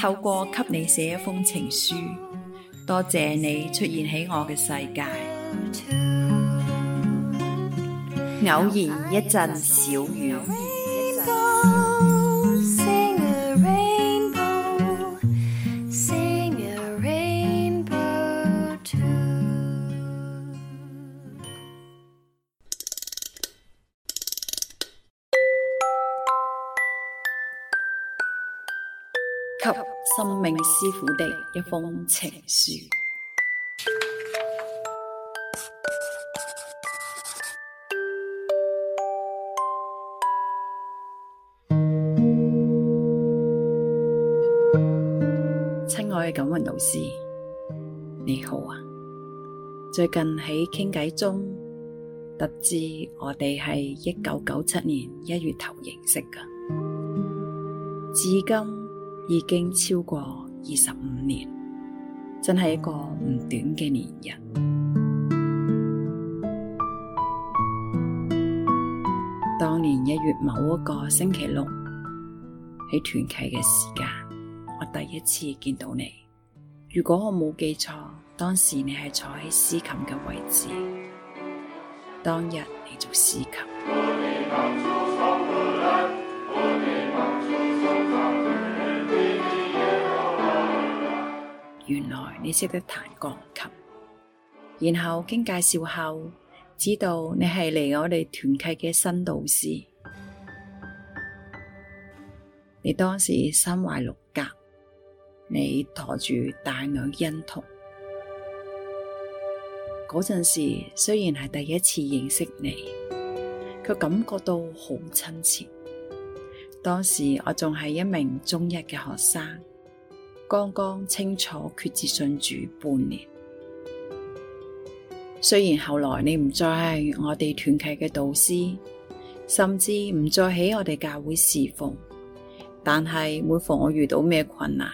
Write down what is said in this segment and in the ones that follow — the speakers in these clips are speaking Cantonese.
透過給你寫一封情書，多謝你出現喺我嘅世界。偶然一陣小雨。給生命師傅的一封情書。親愛嘅錦雲老師，你好啊！最近喺傾偈中，得知我哋係一九九七年一月頭認識噶，至、嗯、今。已經超過二十五年，真係一個唔短嘅年日。當年一月某一個星期六，喺團契嘅時間，我第一次見到你。如果我冇記錯，當時你係坐喺司琴嘅位置。當日你做司琴。原來你識得彈鋼琴，然後經介紹後知道你係嚟我哋團契嘅新導師。你當時身懷六甲，你馱住大女欣彤。嗰陣時雖然係第一次認識你，卻感覺到好親切。當時我仲係一名中一嘅學生。剛剛清楚決志信主半年，雖然後來你唔再係我哋團契嘅導師，甚至唔再喺我哋教會侍奉，但係每逢我遇到咩困難，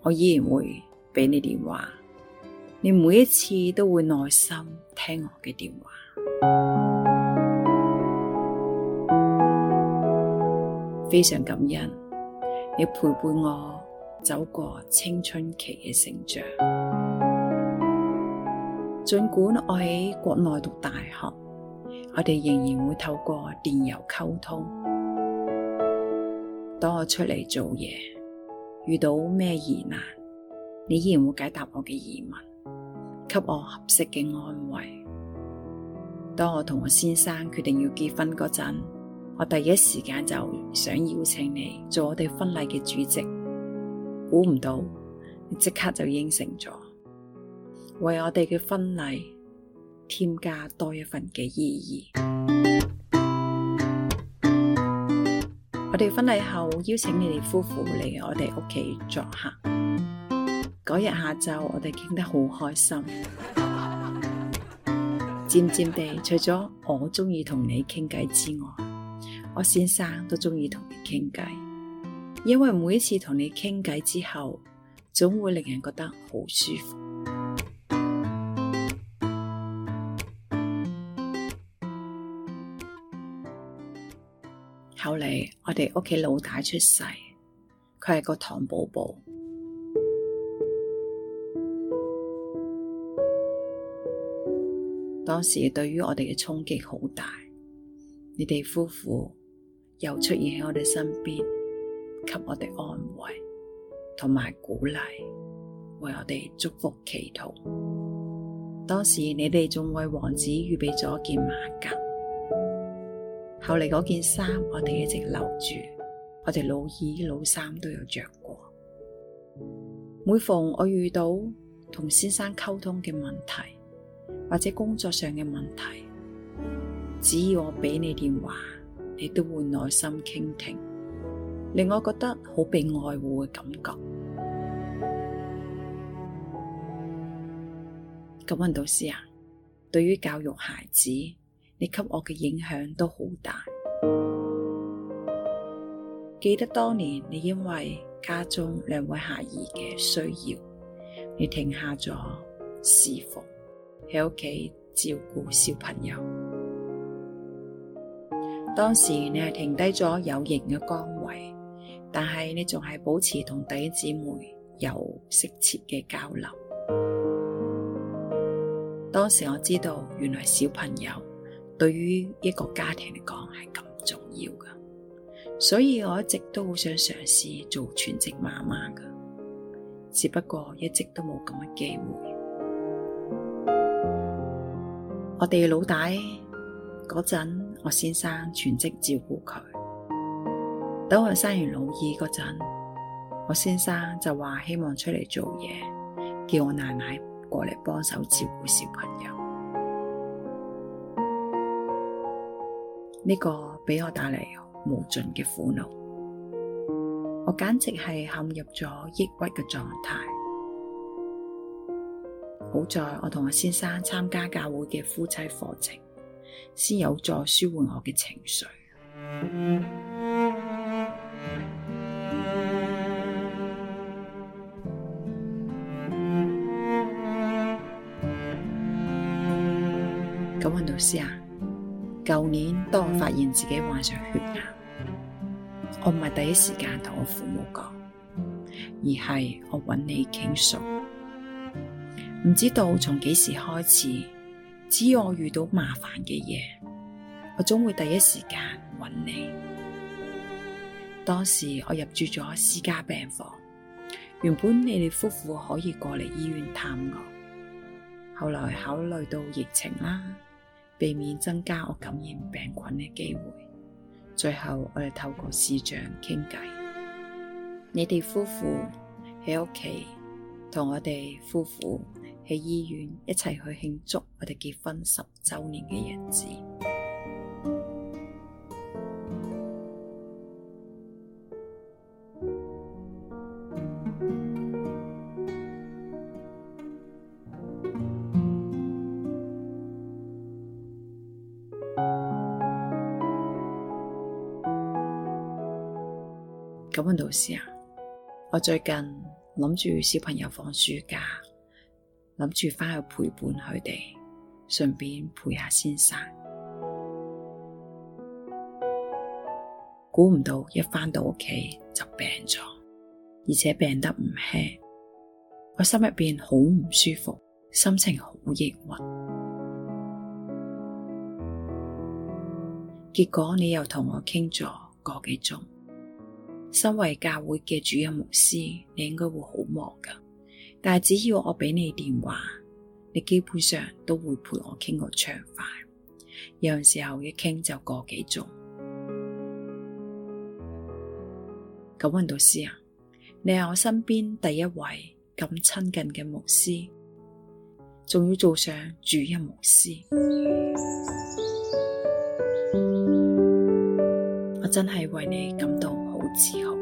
我依然會俾你電話，你每一次都會耐心聽我嘅電話，非常感恩你陪伴我。走過青春期嘅成長，盡管我喺國內讀大學，我哋仍然會透過電郵溝通。當我出嚟做嘢，遇到咩疑難，你依然會解答我嘅疑問，給我合適嘅安慰。當我同我先生決定要結婚嗰陣，我第一時間就想邀請你做我哋婚禮嘅主席。估唔到，你即刻就應承咗，為我哋嘅婚禮添加多一份嘅意義。 我哋婚禮後邀請你哋夫婦嚟我哋屋企作客。嗰日下晝，我哋傾得好開心。漸漸地，除咗我鍾意同你傾偈之外，我先生都鍾意同你傾偈。因為每一次同你傾偈之後，總會令人覺得好舒服。後嚟我哋屋企老大出世，佢係個糖寶寶。當時對於我哋嘅衝擊好大，你哋夫婦又出現喺我哋身邊。給我哋安慰，同埋鼓勵，為我哋祝福祈禱。當時你哋仲為王子預備咗件馬甲，後嚟嗰件衫我哋一直留住，我哋老二、老三都有着過。每逢我遇到同先生溝通嘅問題，或者工作上嘅問題，只要我俾你電話，你都會耐心傾聽。令我覺得好被愛護嘅感覺，感恩導師啊！對於教育孩子，你給我嘅影響都好大。記得當年你因為家中兩位孩兒嘅需要，你停下咗侍奉喺屋企照顧小朋友。當時你係停低咗有形嘅光。但係你仲係保持同弟姊妹有適切嘅交流。當時我知道，原來小朋友對於一個家庭嚟講係咁重要噶所以我一直都好想嘗試做全職媽媽噶只不過一直都冇咁嘅機會。我哋老大嗰陣，我先生全職照顧佢。等我生完老二嗰陣，我先生就話希望出嚟做嘢，叫我奶奶過嚟幫手照顧小朋友。呢個俾我帶嚟無盡嘅苦惱，我簡直係陷入咗抑鬱嘅狀態。好在我同我先生參加教會嘅夫妻課程，先有助舒緩我嘅情緒。咁，問老師啊，舊年當我發現自己患上血癌，我唔係第一時間同我父母講，而係我揾你傾訴。唔知道從幾時開始，只要我遇到麻煩嘅嘢，我總會第一時間揾你。當時我入住咗私家病房，原本你哋夫婦可以過嚟醫院探我，後來考慮到疫情啦。避免增加我感染病菌嘅機會。最後，我哋透過視像傾偈。你哋夫婦喺屋企，同我哋夫婦喺醫院一齊去慶祝我哋結婚十周年嘅日子。溫導師啊，我最近諗住小朋友放暑假，諗住翻去陪伴佢哋，順便陪下先生。估唔到一翻到屋企就病咗，而且病得唔輕，我心入面好唔舒服，心情好抑鬱。結果你又同我傾咗個幾鐘。身為教會嘅主任牧師，你應該會好忙噶。但係只要我俾你電話，你基本上都會陪我傾個暢快。有陣時候一傾就個幾鐘。咁溫導師啊，你係我身邊第一位咁親近嘅牧師，仲要做上主任牧師，我真係為你感到自豪。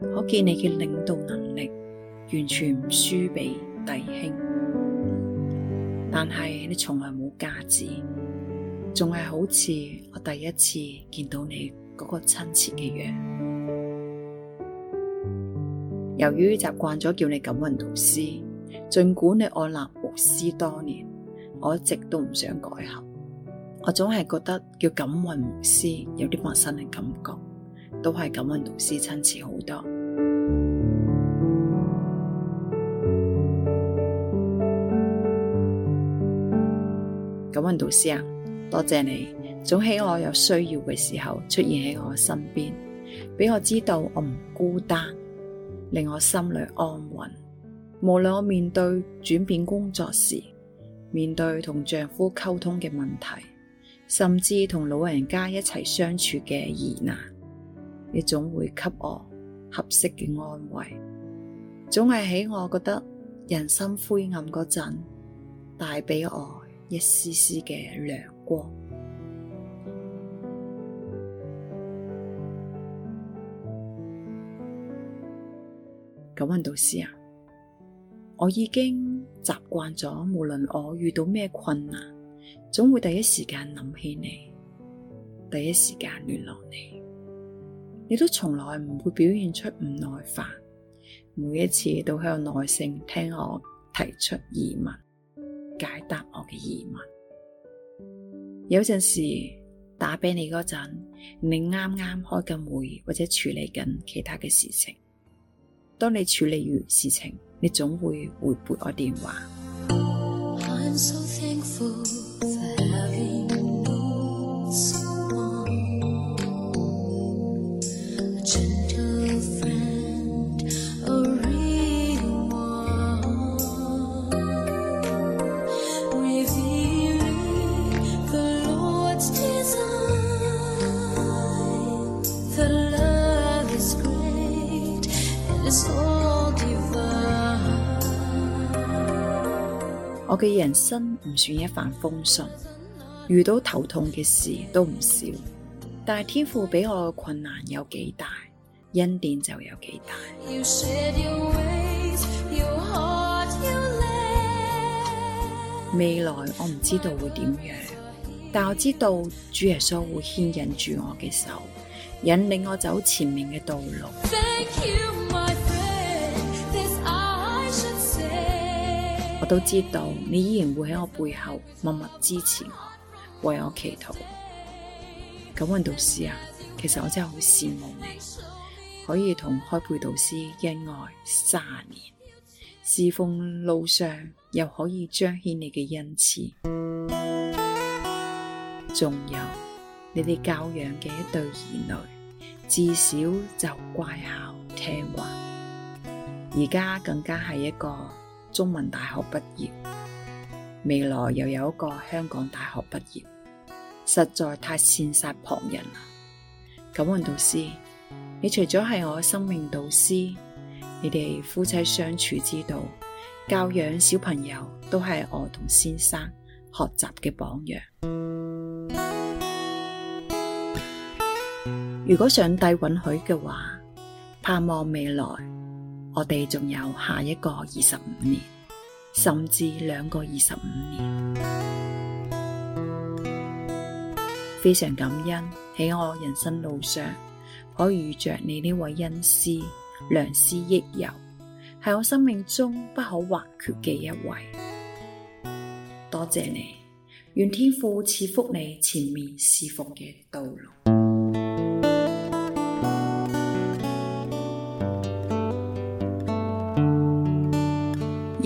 可見你嘅領導能力完全唔輸俾弟兄，但係你從來冇架子，仲係好似我第一次見到你嗰個親切嘅樣。由於習慣咗叫你感運導師，儘管你按立牧師多年，我一直都唔想改口。我總係覺得叫感運牧師有啲陌生嘅感覺。都係感恩導師親切好多。感恩導師啊，多謝你，總喺我有需要嘅時候出現喺我身邊，俾我知道我唔孤單，令我心裏安穩。無論我面對轉變工作時，面對同丈夫溝通嘅問題，甚至同老人家一齊相處嘅疑難。你總會給我合適嘅安慰，總係喺我覺得人生灰暗嗰陣，帶俾我一絲絲嘅亮光。感恩、嗯、導師啊！我已經習慣咗，無論我遇到咩困難，總會第一時間諗起你，第一時間聯絡你。你都從來唔會表現出唔耐煩，每一次都向耐性聽我提出疑問，解答我嘅疑問。有陣時打俾你嗰陣，你啱啱開緊會或者處理緊其他嘅事情。當你處理完事情，你總會回撥我電話。我嘅人生唔算一帆風順，遇到頭痛嘅事都唔少，但係天父俾我嘅困難有幾大，恩典就有幾大。未來我唔知道會點樣，但我知道主耶穌會牽引住我嘅手，引領我走前面嘅道路。都知道你依然會喺我背後默默支持我，為我祈禱。感恩導師啊，其實我真係好羨慕你，可以同開配導師恩愛三十年，侍奉路上又可以彰顯你嘅恩慈，仲有你哋教養嘅一對兒女，自小就乖巧聽話，而家更加係一個。中文大學畢業，未來又有一個香港大學畢業，實在太羨煞旁人啦！感恩導師，你除咗係我生命導師，你哋夫妻相處之道、教養小朋友，都係我同先生學習嘅榜樣。如果上帝允許嘅話，盼望未來。我哋仲有下一個二十五年，甚至兩個二十五年，非常感恩喺我人生路上可以遇着你呢位恩師，良師益友，係我生命中不可或缺嘅一位。多謝你，願天父賜福你前面侍奉嘅道路。